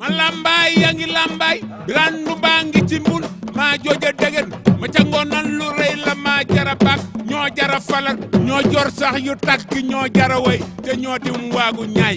ma làmbaay yaa ngi làmbaay randu baa ngi ci mbul maa jooja degen ma ca ngoonan lu rëy la maa jara baak ñoo jara falal ñoo jor sax yu takk ñoo jara way te ñoo dim waagu ñaay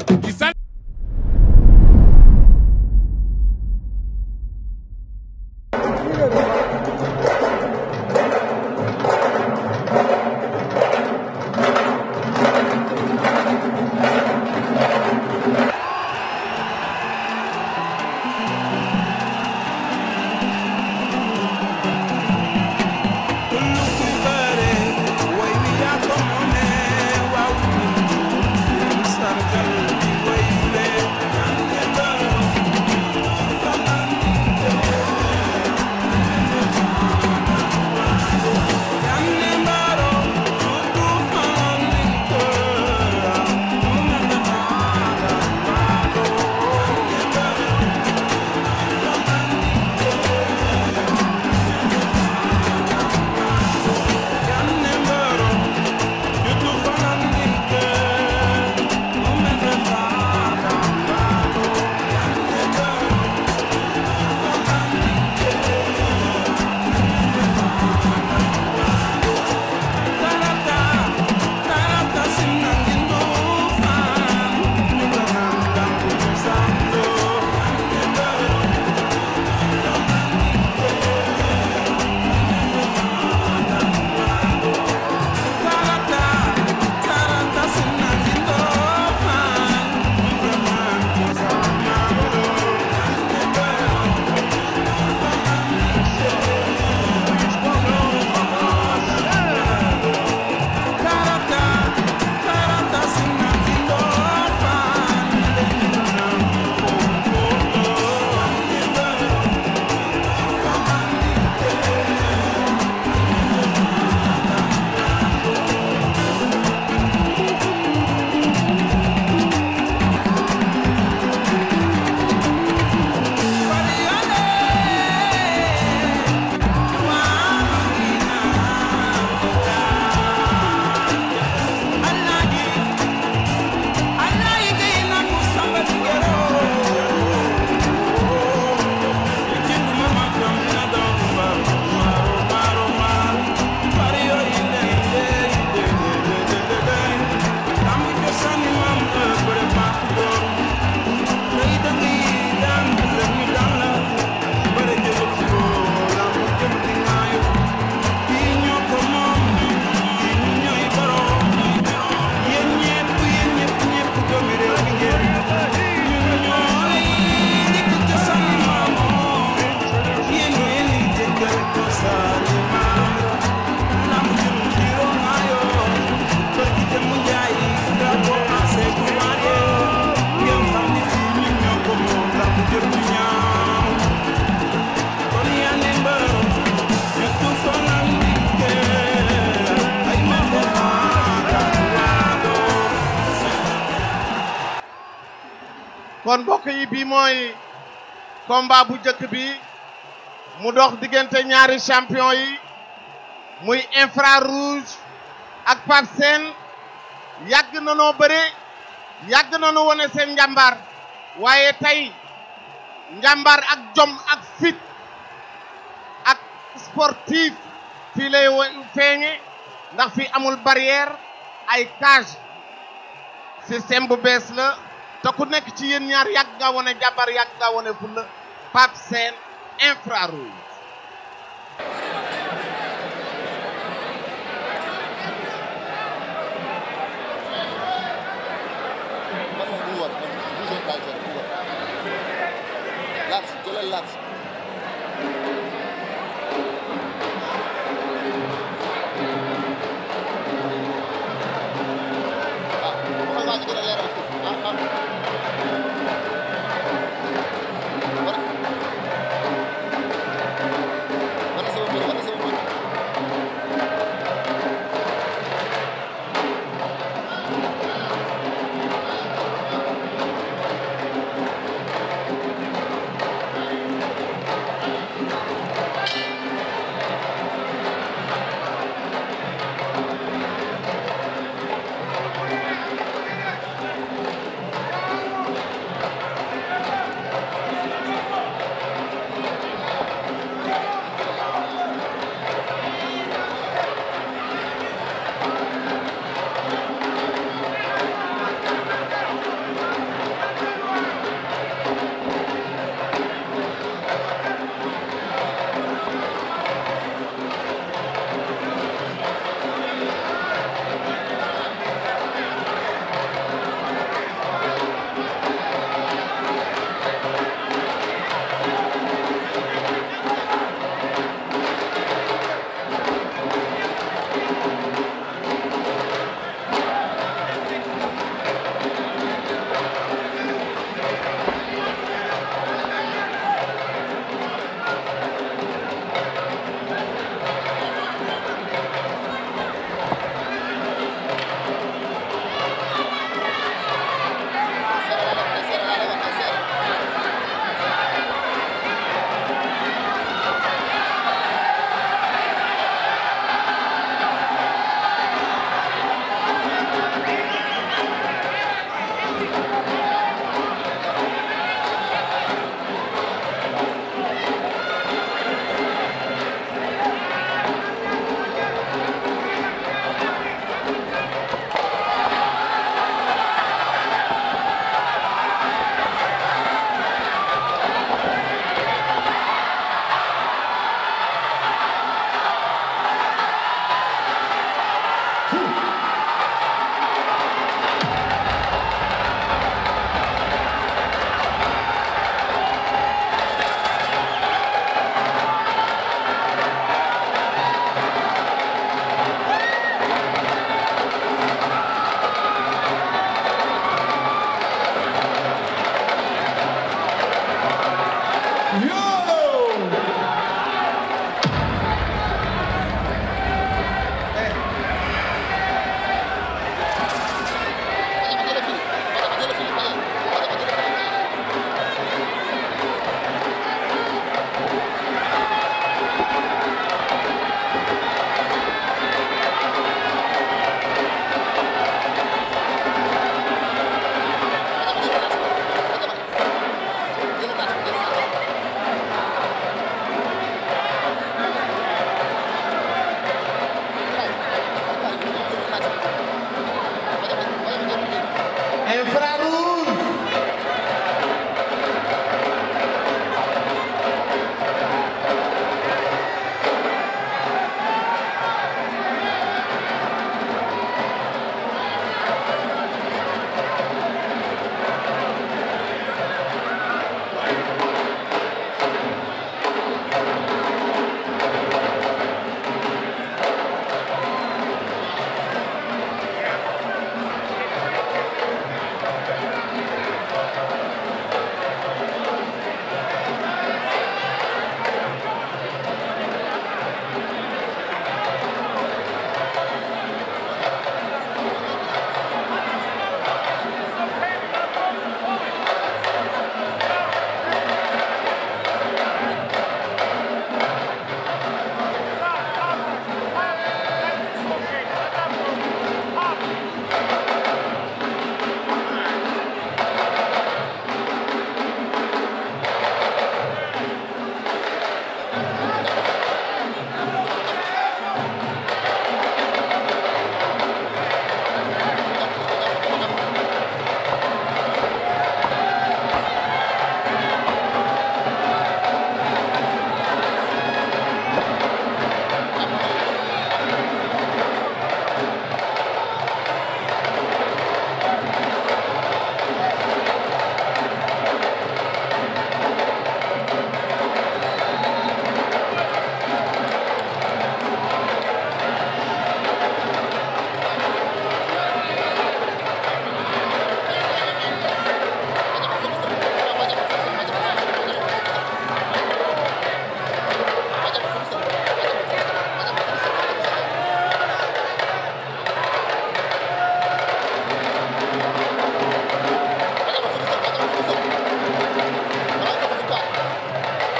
kon mbokk yi bi mooy combat bu njëkk bi mu dox diggante ñaari champion yi muy infra rouge ak Pape Sène yàgg na noo bëre yàgg na nu wone seen njàmbaar waaye tey njàmbaar ak jom ak fit ak sportif fii lay feeñe ndax fii amul barrière ay cage système bu bees la te ku nekk ci yéen ñaar yàgg nga wone jàmbar yàgg nga wone fulla Pape Sène infrarouge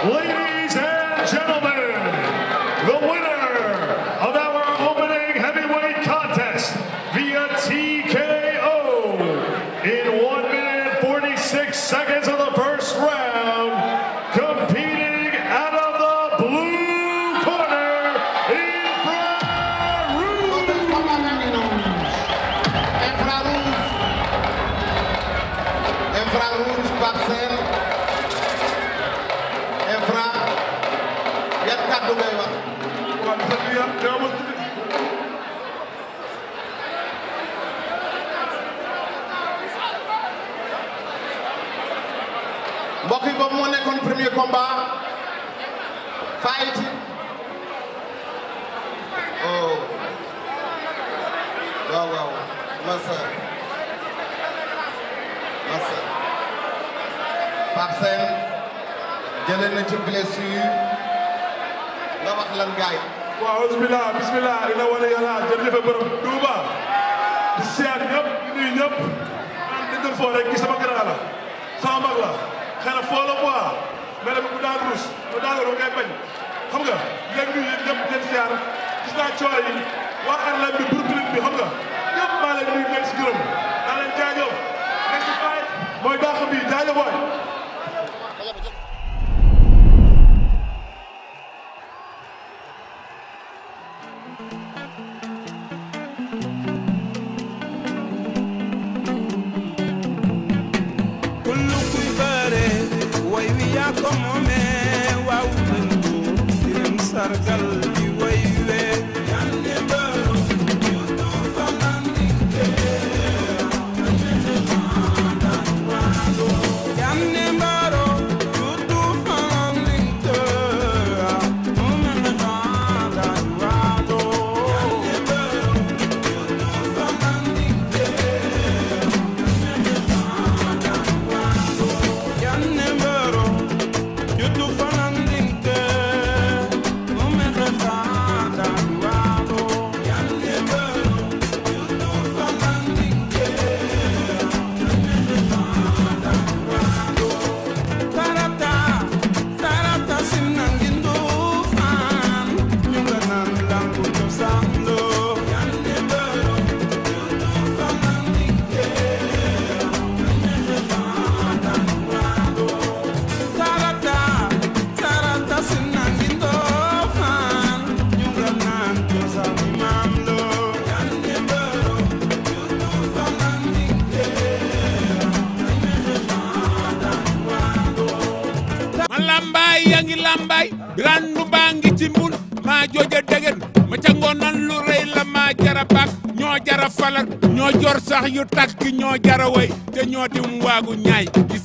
Ladies combat fight oh waaw waaw massa massa Pape Sène jëlee na ci blessure nga wax lan gaay waaw bismillah bismillah ina wala yàlla ah, jërëjëf borom Touba di siyaar ñëpp di nuyu ñëpp an dëgg foo rek ki sama grand la sama mag la xanaa foo la quoi mais nag bu daan ruus bu daan ruus ngay bañ xam nga yéen ñii yéen ñëpp ngeen siyaar gis naa coono yi waa Harlem bi Brooklyn bi xam nga ñëpp maa leen nuyu nekk si gërëm maa leen jaajëf nekk si faay mooy baax bi jaajëf waay sargal maa a dëgër ma ca ngoonan lu rëy la maa jara baax ñoo jara falal ñoo jor sax yu tàkk ñoo jara way te ñoo dim waagu ñaay